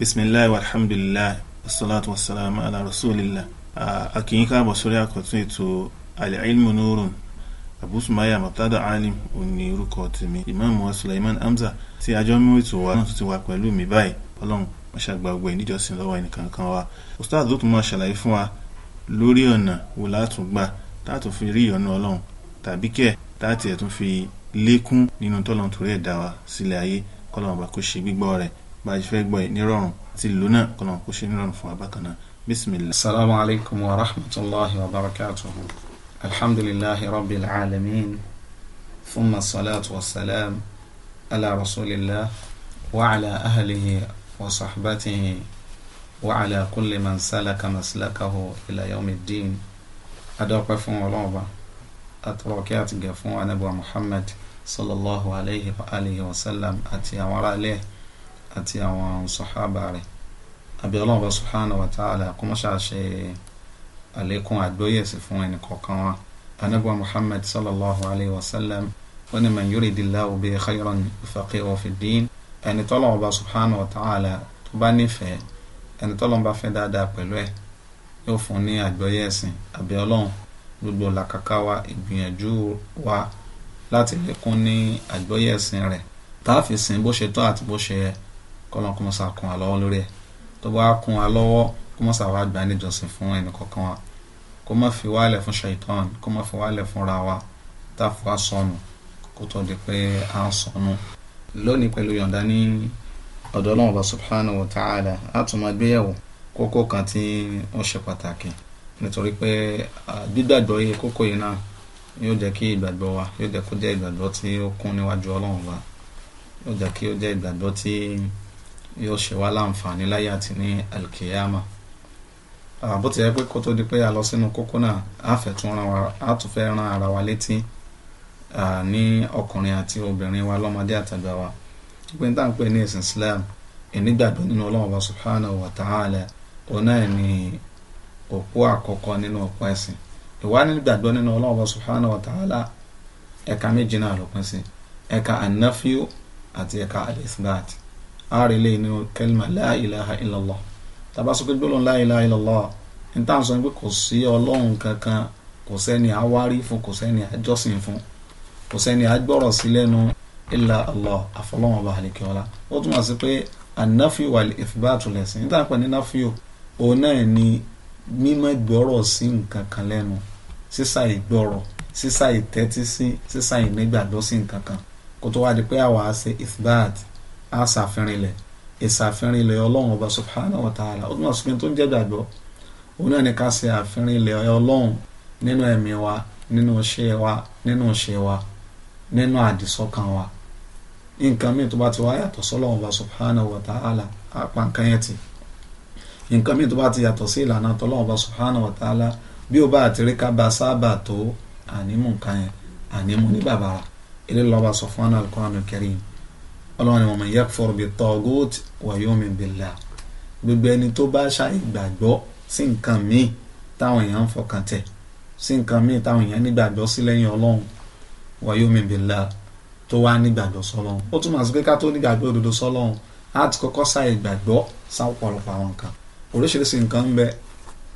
bisimilayi alhamdulilayi wasalaatu wasalaamu ala rasulillah a kì í káàbọ̀ sórí àkọ́tún ètò alilmu nurun abu sumaya mabtada alim òní orúkọ tèmi imaamu wa suleiman hamza tí ajọ́ mú ètò wa náà ti wà pẹ̀lú mi báyìí ọlọ́run wọ́n ṣàgbàgbọ́ ìníjọsìn lọ́wọ́ ẹnìkan kan wa ustaz ló tún máa ṣàlàyé fún wa lórí ọ̀nà wo látún gbà táàtún fi rí ìyọ́nú ọlọ́run tàbí kẹ̀ táàtì ẹ̀ fi lékún nínú tọ́lọ́n torí ẹ̀dá wa sílẹ̀ ayé kọ́lọ́run bá kó ṣe gbígbọ́ rẹ̀ bá a ṣe fẹ́ gbọ́ ẹ̀ nírọ̀rùn àti ìlú náà kọ́nà kó ṣe nírọ̀rùn fún abákan náà bisimilah. asalaamu alaykum wa rahmatulahi wa barakatuhu alhamdulilahi rabbil alamin thumma salatu wa salam ala rasulillah wa ala ahlihi wa sahbatihi wa ala kulli man salaka maslakahu ila yawmi ddin adọ́pẹ́ fún ọlọ́ọ̀ba atọ́rọ̀kí àtìgẹ̀ fún anabu muhammad sallallahu alayhi wa alihi wa sallam àti àwọn aráalé àti àwọn sọ̀hábà rẹ̀ àbí ọlọ́run bá subhanahu wa ta'ala kó mọ́ṣá ṣe àlékún àgbóyèsí fún ẹnì kọ̀ọ̀kan wa anábọ̀ muhammad sallallahu alayhi wa sallam ó ní man yuridillahu bihi khayran yufaqihu fid-din ẹni tọ́lọ́run bá subhanahu wa ta'ala tó bá nífẹ̀ẹ́ ẹni tọ́lọ́run bá fẹ́ dáadáa pẹ̀lú ẹ̀ yóò fún ní àgbóyèsí àbí ọlọ́run gbogbo làkàkà wa ìgbìyànjú wa láti lékún ní àgbóyèsí rẹ̀ táàfin sìn bó ṣe tọ́ àti bó ṣe yẹ kọ́lọ́n kó mọ́sá kún wa lọ́wọ́ lórí ẹ̀ tó bá kún wa lọ́wọ́ kó mọ́sá wa gbà níjọsìn fún ẹnì kọ̀ọ̀kan wa kó má fi wálẹ̀ fún ṣàìtàn kó má fi wálẹ̀ fúnra wa tá a fi wá sọnù kó tó di pé a ń sọnù. lónìí pẹ̀lú yọ̀ǹda ní ọ̀dọ̀ ọlọ́run ọba subhanahu wa ta'ala a kókó kan tí ó ṣe pàtàkì nítorí pé gbígbàgbọ́ iye kókó yìí náà yóò jẹ́ kí ìgbàgbọ́ wa yóò jẹ́ kó jẹ́ ìgbàgbọ́ tí ó kún níwájú ọlọ́run wa yóò jẹ́ kí ó jẹ́ ìgbàgbọ́ tí. yóò ṣe wá láǹfààní láyé àti ní alkiyama bó ti yẹ pé kó tó di pé a lọ sínú kókó náà a fẹ́ tún ran a tún fẹ́ ara wa létí ní ọkùnrin àti obìnrin wa lọ́mọdé àtàgbà wa pé n ń pè ní ìsìn Islam ìnígbàgbọ́ nínú Ọlọ́run wa subhanahu wa ta'ala ni òpó àkọ́kọ́ nínú òpó ẹ̀sìn ìwà nígbàgbọ́ nínú Ọlọ́run wa ta'ala ẹ̀ka méjì náà sí ẹ̀ka àti ẹ̀ka ààrẹ lè ní kẹlìmà la ilaha illallah tàbá sọ pé gbólóhùn la ilaha illallah ní táwọn sọ pé kò sí ọlọ́run kankan kò sẹ́ni àwárí fún kò sẹ́ni àjọsìn fún kò sẹ́ni àgbọ̀rọ̀ sí lẹ́nu illa Allah àfọlọ́wọn ọba àlekẹ́ọ́lá ó túmọ̀ sí pé ànáfíò wal ithbatu lẹ̀sìn níta pẹ̀ ní náfíò òun náà ni mímọ́ ìgbọ́rọ̀ sí nǹkan kan lẹ́nu sísà ìgbọ́rọ̀ sísà ìtẹ́tí sí sísà ìnígbàgbọ́ sí nǹkan kan kó tó wá di pé àwa ṣe ithbat á ṣàfihànilẹ̀ ìṣàfihànilẹ̀ ọlọ́run ọba subhanahu wa ta'ala ó túmọ̀ sí pé tó ń jẹ́ gbàgbọ́ òun náà ni ká ṣe àfihànilẹ̀ ọlọ́run nínú ẹ̀mí wa nínú iṣẹ́ wa nínú iṣẹ́ wa nínú àdìsọ́kàn wa nǹkan míì tó bá ti wá yàtọ̀ sọ́lọ́run ọba subhanahu wa ta'ala apá nǹkan yẹn ti nǹkan míì tó bá ti yàtọ̀ sí ìlànà tọ́lọ́run ọba subhanahu wa ta'ala bí ó bá àti rí ká bá sábà tó ànímù nǹkan yẹn ànímù ní bàbá ilé lọ́ba sọ fún àná al-Qur'an al-Karim ọlọ́run ni wa man yakfur bit-taghut wa yu'min billah gbogbo ẹni tó bá ṣàì gbàgbọ́ sí nǹkan míì táwọn èèyàn ń fọkàn tẹ̀ sí nǹkan míì táwọn èèyàn nígbàgbọ́ sí lẹ́yìn ọlọ́run wa yu'min billah tó wá nígbàgbọ́ sọlọ́run ó túmọ̀ sí pé ká tó nígbàgbọ́ òdodo sọlọ́run á ti kọ́kọ́ ṣàì gbàgbọ́ sáwọ́pọ̀lọpọ̀ àwọn nǹkan oríṣiríṣi nǹkan ń bẹ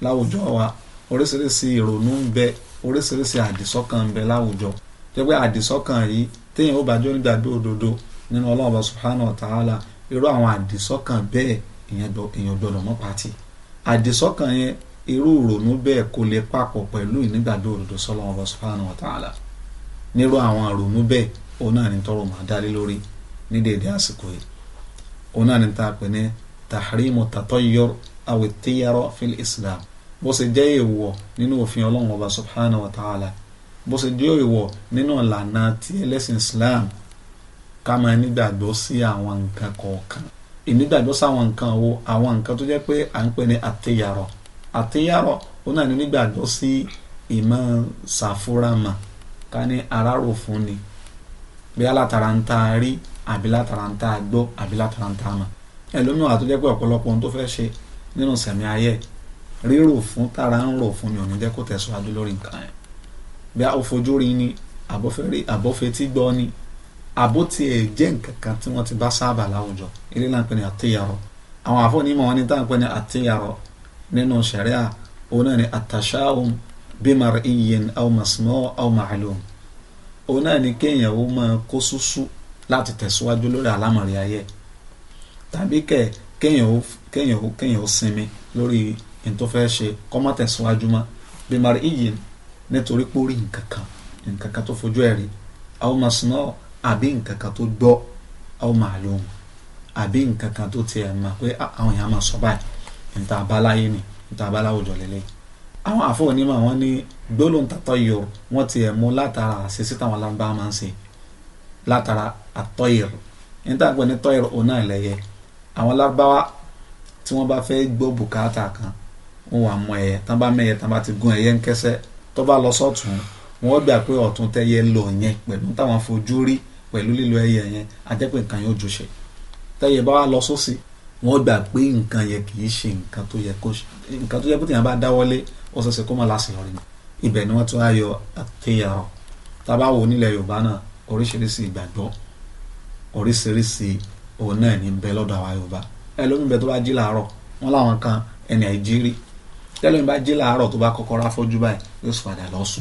láwùjọ wa oríṣiríṣi ìrònú ń bẹ oríṣiríṣi àdìsọ́kàn ń bẹ láwùjọ jẹ́ pé àdìsọ́kàn yìí téèyàn ó bá jọ nígbàgbọ́ òdodo nínú ọlọ́ọ̀bá subhanahu wa ta'ala irú àwọn àdìsọ́kàn bẹ́ẹ̀ èèyàn gbọ́dọ̀ mọ́ pati àdìsọ́kàn yẹn irú ìrònú bẹ́ẹ̀ kò lè papọ̀ pẹ̀lú ìnígbàgbọ́ òdodo sọlọ́ọ̀bá subhanahu wa ta'ala nírú àwọn ìrònú bẹ́ẹ̀ òun náà ní tọrọ màá dálé lórí ní dèédé àsìkò yìí òun náà ní ta pè ní tahrimu tatayyur aw tiyara fil islam bó ṣe jẹ́ èèwọ̀ nínú òfin ọlọ́run subhanahu wa ta'ala bó ṣe jẹ́ èèwọ̀ ká máa nígbàgbọ́ sí àwọn nǹkan kọ̀ọ̀kan ìnígbàgbọ́ sáwọn nǹkan wo àwọn nǹkan tó jẹ́ pé à ń pè ní àtẹ̀yàrọ̀ àtẹ̀yàrọ̀ ó náà ní nígbàgbọ́ sí ìmọ̀ ṣàfúrámà ká ní arárò fún ni bí alátara ń ta rí àbí látara ń ta gbọ́ àbí látara ń ta mọ̀ ẹlòmíràn àtúnjẹ́ pé ọ̀pọ̀lọpọ̀ ohun tó fẹ́ ṣe nínú sẹ̀mí ayé rírò fún tara ń rò fún ni ò ní jẹ́ kó tẹ̀síwájú lórí nǹkan yẹn bí a ò fojú rí ni àbọ̀fẹ́ tí gbọ́ ni àbó tiẹ̀ jẹ́ nǹkan kan tí wọ́n ti bá sábà láwùjọ ilé náà pè ní àtẹ̀yàrọ̀ àwọn àfọ̀nímọ̀ wọn ní táwọn pè ní àtẹ̀yàrọ̀ nínú ṣẹ̀ríà òun náà ni àtàṣáhùn bímar iyin aw masmọ́ aw màálùm òun náà ni kéèyàn ó máa kó súsú láti tẹ̀síwájú lórí àlámọ̀rí ayé tàbí kẹ̀ kéèyàn ó kéèyàn ó sinmi lórí ní tó fẹ́ ṣe kọ́ má tẹ̀síwájú mọ́ bímar iyin nítorí pórí nǹkan kan nǹkan kan tó fojú ẹ̀ rí àbí nǹkan kan tó gbọ́ àwọn màlúùn àbí nǹkan kan tó tiẹ̀ mọ̀ pé ah, àwọn èèyàn máa sọ báyìí níta abáláyé ni níta abáláwò jọ lélẹ̀ àwọn àfọwọ́ onímọ̀ wọn ní gbólóhùn tàtọ́ yọ wọ́n tiẹ̀ mú látara àṣìṣe táwọn alágbá máa ń ṣe látara àtọ́yẹ̀rọ níta gbọ́ ní tọ́yẹ̀rọ òun náà lẹ́yẹ àwọn alágbáwá tí wọ́n bá fẹ́ gbọ́ bùkátà kan wọn wà mọ ẹ̀yẹ tán bá mẹ́yẹ tán bá ti gún ẹ̀yẹ ń tó bá lọ sọ́tún wọn gbà pé ọ̀tún tẹ́yẹ lò yẹn pẹ̀lú táwọn fojú rí pẹ̀lú lílo ẹyẹ yẹn a jẹ́ pé nǹkan yẹn ó jọṣẹ tẹ́yẹ bá wá lọ sósì wọ́n gbà pé nǹkan yẹn kì í ṣe nǹkan tó yẹ kó nǹkan tó yẹ pé tèèyàn bá dáwọ́lé ó ṣẹ̀ṣẹ̀ kó má láṣeyọrí ni ibẹ̀ ni wọ́n tún á yọ àtẹ̀yàrọ̀ tá a bá wo nílẹ̀ Yorùbá náà oríṣiríṣi ìgbàgbọ́ oríṣiríṣi òun náà ní bẹ lọ́dọ̀ àwa Yorùbá ẹlòmíì bẹ tó bá jí làárọ̀ wọn láwọn kan ẹni àìjírí tẹlẹmi bá jí làárọ̀ tó bá kọ́kọ́ ráfọ́jú báyìí yóò sọ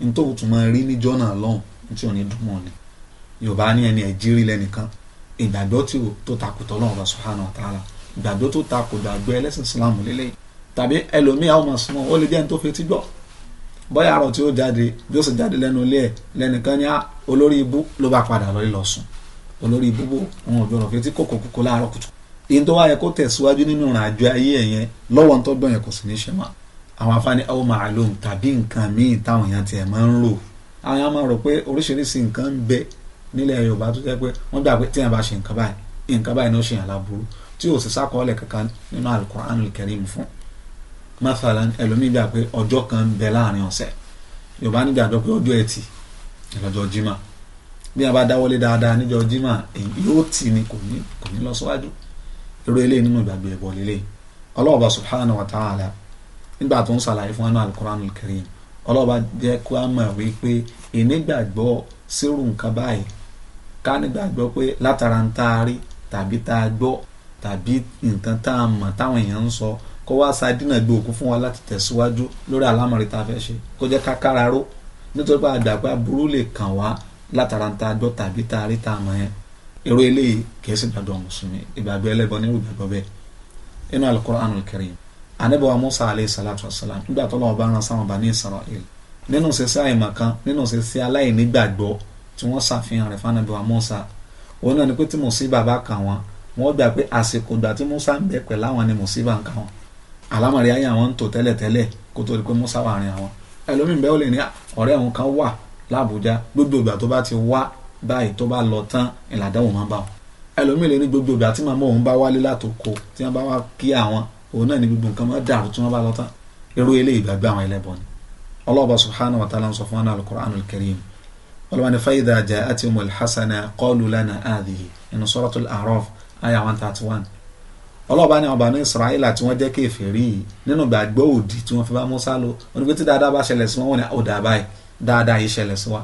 nítorí tún máa rí ní jọ́nà lọ́hùn tí ò ní dùnmọ́ ni yorùbá ní ẹni ẹ̀jírí lẹ́nìkan ìgbàgbọ́ tí o tó takò tọ́ lọ́wọ́ subhanahu wa ta'ala ìgbàgbọ́ tó takò gbàgbọ́ ẹlẹ́sìn sílámù lélẹ́yìn tàbí ẹlòmíà ó máa súnmọ́ ó lè jẹ́ ní tó fetí gbọ́ bóyá àrò tí ó jáde bí ó sì jáde lẹ́nu ilé ẹ̀ lẹ́nìkan ní olórí ibú ló bá padà lọ́ọ́ lọ sùn olórí ibú bò wọn ò gbọdọ̀ fetí kòkò kòkò láàárọ̀ kùtù ìyẹn tó wáyẹ kó tẹ̀síwájú nínú ìrìn àjò ayé ẹ̀yẹn lọ́wọ́ ń yẹn kò sì ní í ṣe máa àwọn afáàní aw ma'lum tàbí nǹkan míì táwọn èèyàn tiẹ̀ máa ń rò àwọn èèyàn máa rò pé oríṣiríṣi nǹkan ń bẹ nílẹ̀ yorùbá tó jẹ́ pé wọ́n gbà pé tí èèyàn bá ṣe nǹkan báyìí nǹkan báyìí ni ó ṣe yàn láburú tí ò sì sákọọ́lẹ̀ kankan nínú al-Qur'anul Karim fún mathalan ẹlòmíì gbà pé ọjọ́ kan ń bẹ láàrin ọ̀sẹ̀ yorùbá nígbàgbọ́ pé ọjọ́ ẹtì ìlọ́jọ́ jimá bí a bá dáwọ́lé dáadáa níjọ́ jimá yóò tì ní kò ní lọ síwájú eré eléyìí nínú ìgbàgbọ́ ẹ̀bọ̀ lélẹ́yìí ọlọ́ọ̀bà subhanahu wa ta'ala nígbà tó ń ṣàlàyé fún anú alukoran kiri ọlọ́ba jẹ́ kó a mọ̀ wípé ìnígbàgbọ́ sírù nǹkan báyìí ká nígbàgbọ́ pé látara ń tá a rí tàbí tá a gbọ́ tàbí nǹkan tá a mọ̀ táwọn èèyàn ń sọ kó wá sa dínà gbé òkú fún wa láti tẹ̀síwájú lórí àlámọ̀rí tá a fẹ́ ṣe kó jẹ́ ká kára ró nítorí pé àgbà pé lè kàn wá látara ń tá gbọ́ tàbí tá tá a mọ̀ yẹn èrò eléyìí kìí sì gbàgbọ́ mùsùlùmí ìgbàgbọ́ ẹlẹ́bọn anabiwa musa alayhi salatu wasalam nígbà tó lọ́wọ́ bá ran sáwọn bá ní israel nínú sẹ́sẹ́ àìmọ̀kan nínú sẹ́sẹ́ aláìnígbàgbọ́ tí wọ́n ṣàfihàn rẹ̀ fanabiwa musa òun náà ni pé tí mùsíbà bá kà wọ́n wọ́n gbà pé àsìkò ìgbà tí musa ń bẹ pẹ̀lú àwọn ni mùsíbà ń kà wọ́n àlámọ̀rí ayé àwọn ń tò tẹ́lẹ̀tẹ́lẹ̀ kó tó di pé musa wà rìn àwọn ẹlòmíín bẹ́ẹ̀ ó lè ní ọ̀rẹ́ àwọn kan wà lábújá gbogbo ìgbà òun náà ni gbogbo nǹkan máa dàrú tí wọ́n bá lọ tán irú ilé ìgbàgbé àwọn ẹlẹ́bọ ni ọlọ́ọ̀bà subhanahu wa ta'ala ń sọ fún wọn al-Qur'an al-Karim ọlọ́wọ́n ni fayida àti ọmọ alhassana qalu lana adìyẹ inú suratul A'raf aya one thirty one ọlọ́ọ̀bá ni ọba ní Israel àti wọ́n jẹ́ kèfèrí nínú gbàgbọ́ òdì tí wọ́n fi bá Musa lọ wọn ni tí dáadáa bá ṣẹlẹ̀ sí wọn wọn ni ọ̀dà báyìí dáadáa yìí ṣẹlẹ̀ sí wa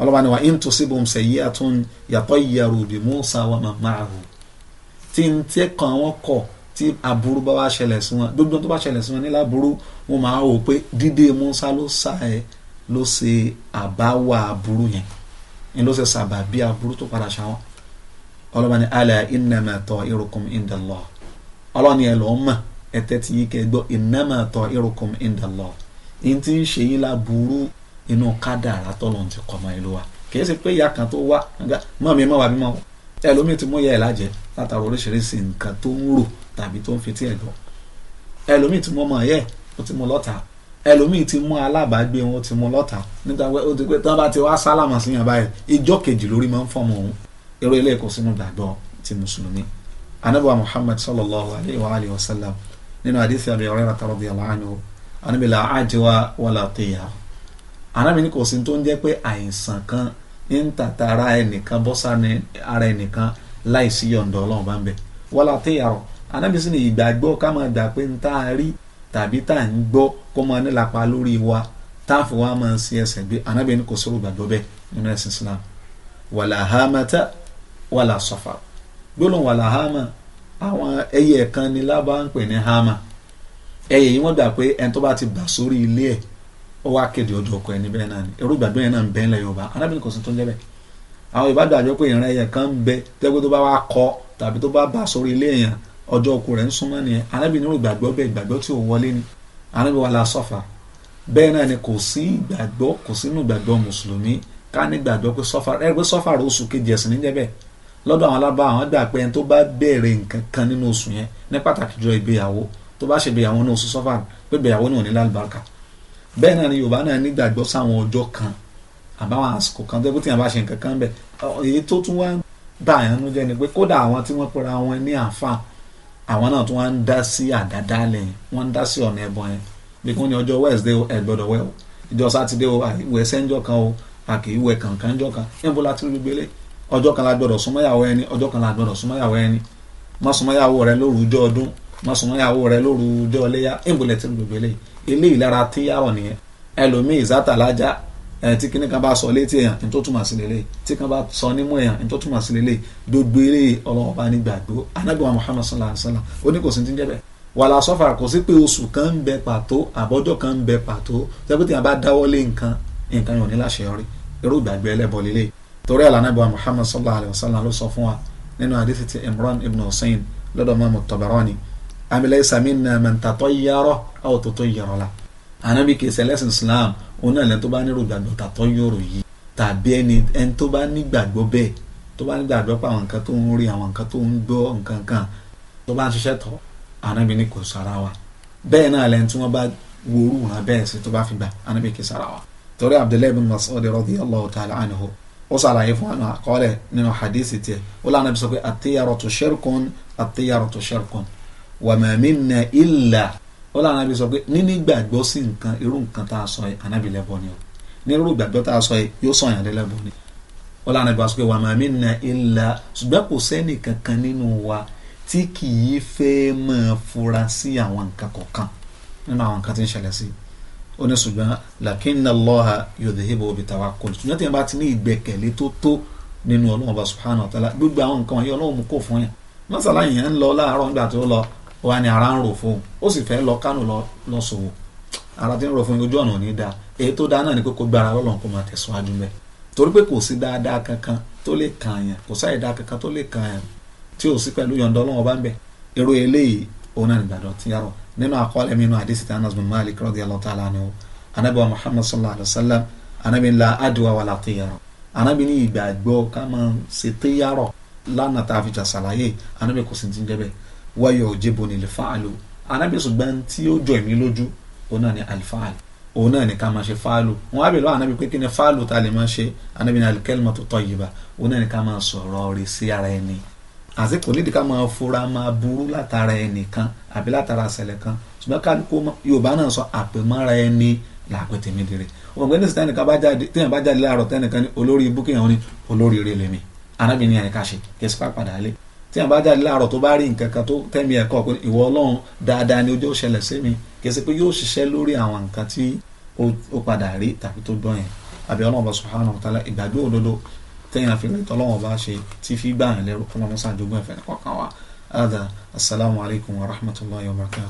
ọlọ́wọ́n ni wa in tusibum sayyi'atun yatayyaru bi Musa wa man ma'ahu tí n tẹ́ kan kọ̀ tí aburú bá wá ṣẹlẹ̀ sí wọn gbogbo tó bá ṣẹlẹ̀ sí wọn nílá aburú wọn máa wò pé dídé Musa ló sá ẹ ló ṣe àbáwá aburú yẹn ni ló ṣe sàbàbí aburú tó padà ṣàwọn ọlọ́mọdé ala innama ta'irukum inda Allah ọlọ́ni ẹ lọ́ọ́ mọ̀ ẹ tẹ́tí yìí kẹ́ gbọ́ innama ta'irukum inda Allah yìí ti ń ṣe yín láburú inú kádàrá tọ́lọ́ ti kọ́ ọmọ ìlú wa kì í ṣe pé ìyá kan tó wá mọ̀ mi mọ̀ wá mi mọ̀ ẹlòmíì ti mú ìyá ẹ̀ lájẹ̀ẹ́ látàwọn oríṣiríṣi nǹkan tó ń rò tàbí tó ń fetí ẹ̀ gbọ́ ẹlòmíì ti mú ọmọ ẹ̀yẹ́ ó ti mú lọ́ta ẹlòmíì ti mú alábàágbé wọn ó ti mú lọ́ta nígbà pé ó ti pé tán bá ti wá sálàmà sí yàn báyìí ìjọ kejì lórí máa ń fọmọ òun eré ilé ẹ̀kọ́ sínú gbàgbọ́ ti mùsùlùmí anábọ̀ muhammad sallallahu alayhi wa alayhi wa sallam nínú àdìsí àbí ọ̀rẹ́ rà tàbí ọ̀là àánú anábì là ájẹwà wàlà tìyà anábì ní kò sí tó ń jẹ́ pé àìsàn kan ń tàtàrà ẹnìkan bọ́sà ara ẹnìkan láìsí yọ̀ǹda ọlọ́run bá ń bẹ wala tiyarọ anábì sì ni ìgbàgbọ́ ká máa gbà pé ń tá a rí tàbí tá à ń gbọ́ kó máa nílapa lórí wa táàfù wa máa ń sí ẹsẹ̀ gbé anábì ní kò sórò gbàgbọ́ bẹ́ẹ̀ nínú ẹ̀sìn Islam wala hamata wala safa gbólóhùn wala hama àwọn ẹyẹ kan ni lábá ń pè ní hama ẹyẹ yìí wọ́n gbà pé ẹni tó bá ti bà sórí ilé ẹ̀ ó wá kéde ọdọ ọkọ ẹni bẹ́ẹ̀ náà ni irú yẹn náà ń bẹ́ẹ̀ lẹ́yìn ọba anábì ní kò sí tó ń jẹ́ bẹ́ẹ̀ àwọn ìbádọ́ àjọ pé ìran ẹyẹ kan ń bẹ tẹ́gbẹ́ tó bá wá kọ tàbí tó bá bà sórí ilé èèyàn ọjọ́ okùn rẹ̀ ń súnmọ́ nìyẹn anábì nínú ìgbàgbọ́ bẹ́ẹ̀ ìgbàgbọ́ tí ò wọlé ni anábì wà la sọ́fà bẹ́ẹ̀ náà ni kò sí ìgbàgbọ́ kò sínú ìgbàgbọ́ mùsùlùmí ká ní ìgbàgbọ́ pé sọ́fà ẹ pé sọ́fà rẹ̀ oṣù kejì ẹ̀sìn níjẹ́ bẹ́ẹ̀ lọ́dọ̀ àwọn alábá àwọn gbà pé ẹni tó bá bẹ̀rẹ̀ nǹkan kan nínú oṣù yẹn ní pàtàkì jọ ìgbéyàwó tó bá ṣe ìgbéyàwó ní oṣù sọ́fà pé ìgbéyàwó náà ní lálùbáríkà bẹ́ẹ̀ náà ni yorùbá náà nígbàgbọ́ sáwọn ọjọ́ kan àbáwọn àsìkò kan tó bó tìyàn bá ṣe nǹkan kan bẹ̀ èyí tó tún wá bà yẹn nú jẹ́ ni pé kódà àwọn tí wọ́n pera wọn ní àáfà àwọn náà tún wá ń dá sí àdádálẹ̀ yẹn wọ́n ń dá sí ọ̀nà ẹbọ yẹn bí kò ní ọjọ́ Wednesday ẹ gbọ́dọ̀ o ìjọ sátidé o àìwẹ̀ sẹ́ńjọ́ kan o a kì í wẹ̀ kankan jọ́ kan níbo la ti rí gbélé ọjọ́ kan la gbọ́dọ̀ súnmọ́yàwó ẹni ọjọ́ kan la gbọ́dọ̀ súnmọ́yàwó ẹni má súnmọ́yàwó rẹ lóru ọjọ́ ọdún má súnmọ́yàwó rẹ lóru ọjọ́ iléyá níbo la ti tí kinní kan bá sọ létí èèyàn ní tó túmọ̀ sí lélẹ̀ tí kan bá sọ nímú èèyàn ní tó túmọ̀ sí lélẹ̀ gbogbo eré ọlọ́wọ́ bá ní gbàgbó anábìwá Muhammad sallallahu alayhi wa sallam ó ní kò sí ti ń jẹ́ bẹ́ẹ̀ wàlà sọ́fà kò sí pé oṣù kan ń bẹ pàtó àbọ́jọ́ kan ń bẹ pàtó tẹ́gbẹ́tì yẹn bá dáwọ́ lé nǹkan nǹkan yóò ní láṣeyọrí irú ìgbàgbé ẹlẹ́bọ lélẹ̀ torí àlànàbọ̀ Muhammad sallallahu ibn Hussein lọ́dọ̀ mọ́mú Tabarani amílẹ̀ isamin na mẹ́ntàtọ́ yàrá àwòtótó yàrá la ànábì kìí òun náà lẹ́ni tó bá nírò gbàgbọ́ tàtọ́ yọ̀rọ̀ yìí tàbí ẹni ẹni tó bá nígbàgbọ́ bẹ́ẹ̀ tó bá nígbàgbọ́ pa àwọn nǹkan tó ń rí àwọn nǹkan tó ń gbọ́ nǹkan kan tó bá ń ṣiṣẹ́ tọ́ anábì ní kò sára wa bẹ́ẹ̀ náà lẹ́ni tí wọ́n bá worú wọn bẹ́ẹ̀ sí tó bá fi gbà anábì kì í sára wa. torí abdullahi bin masoud radiyallahu ta'ala anhu ó ṣàlàyé fún àwọn àkọọ́lẹ̀ nínú hadith tiẹ̀ ó lànà bí pé at-tiyaratu shirkun at-tiyaratu shirkun wa ma minna ó láwọn anábì sọ pé níní gbàgbọ́ sí nǹkan irú nǹkan tá a sọ yẹ anábì ni o ní irú gbàgbọ́ tá a sọ yẹ yóò sọ yàn lẹ́lẹ́bọ ni ó láwọn anábì sọ pé wà máa mi na ilà ṣùgbọ́n kò sẹ́nì kankan nínú wa tí kì í fẹ́ máa fura sí àwọn nǹkan kọ̀ọ̀kan nínú àwọn nǹkan tí ń ṣẹlẹ̀ sí ó ní ṣùgbọ́n lakinna Allaha yudhibu bi tawakkul ṣùgbọ́n tí wọ́n bá ti ní ìgbẹ́kẹ̀lé tó wà ní ara ń rò fún un ó sì fẹ́ lọ kánò lọ ṣòwò ara tí ń rò fún ojú ọ̀nà ní da èyí tó dáa náà ni pé kó gbára lọ́lọ́run kó máa tẹ̀síwájú mẹ́ torí pé kò sí dáadáa kankan tó lè kàn yàn kò sáyè dáa kankan tó lè kàn yàn tí ò sí pẹ̀lú yọ̀ǹda ọlọ́run ọba ń bẹ̀ èrò eléyìí òun náà nígbàdàn ti yàrá nínú àkọọ́lẹ̀ mi inú àdìsí Anas bin Malik radiyallahu ta'ala anhu anabi wa Muhammad sallallahu alayhi wa sallam anabi ńlá adwa wàlá ti yàrá anabi ní ìgbàgbọ́ ká máa ṣe téyàrọ̀ lánàá tá a fi jà sàlàyé anabi kò sì ti ń jẹ́ bẹ́ẹ̀ wáyọ̀ òjìbò ní alifáàlù anábì ṣùgbọ́n tí ó jọ èmi lójú òun náà ni alifáàlù òun náà ni ká máa ṣe fáàlù wọn á bèèrè lọ́wọ́ anábì pé kí ni fáàlù tá a lè máa ṣe anábì ní alkalimatu tayyiba òun náà ni ká máa sọ̀rọ̀ rẹ̀ sí ara ẹni àti kò nídìí ká máa fura máa burú látara ẹnìkan àbí látara àṣẹlẹ̀ kan ṣùgbọ́n kálukú yorùbá náà sọ àpèmọ́ra ẹni làpè tèmi dèrè wọn gbé nísìsiyìí tẹnìkan bá jáde téèyàn bá jáde láàárọ̀ tẹnìkan ní olórí ibú kéèyàn ní olórí ire lèmi anábì ní ẹnìkan ṣe kí ẹ lé tí àwọn bá jáde láàárọ̀ tó bá rí nǹkan kan tó tẹ̀mí ẹ̀kọ́ pé ìwọ ọlọ́run dáadáa ni ojú ó ṣẹlẹ̀ sí mi kì í ṣe pé yóò ṣiṣẹ́ lórí àwọn nǹkan tí ó padà rí tàbí tó gbọ́ yẹn àbí ọlọ́run bá subhanahu wa ta'ala ìgbàgbọ́ òdodo tẹ̀yìn àfihàn ìtọ́lọ́wọ́n bá ṣe tí fi gbà yẹn lẹ́rú kọ́lọ́mọ́sá àjogún ẹ̀fẹ̀ ní kọ̀ọ̀kan wa. هذا السلام عليكم ورحمة الله وبركاته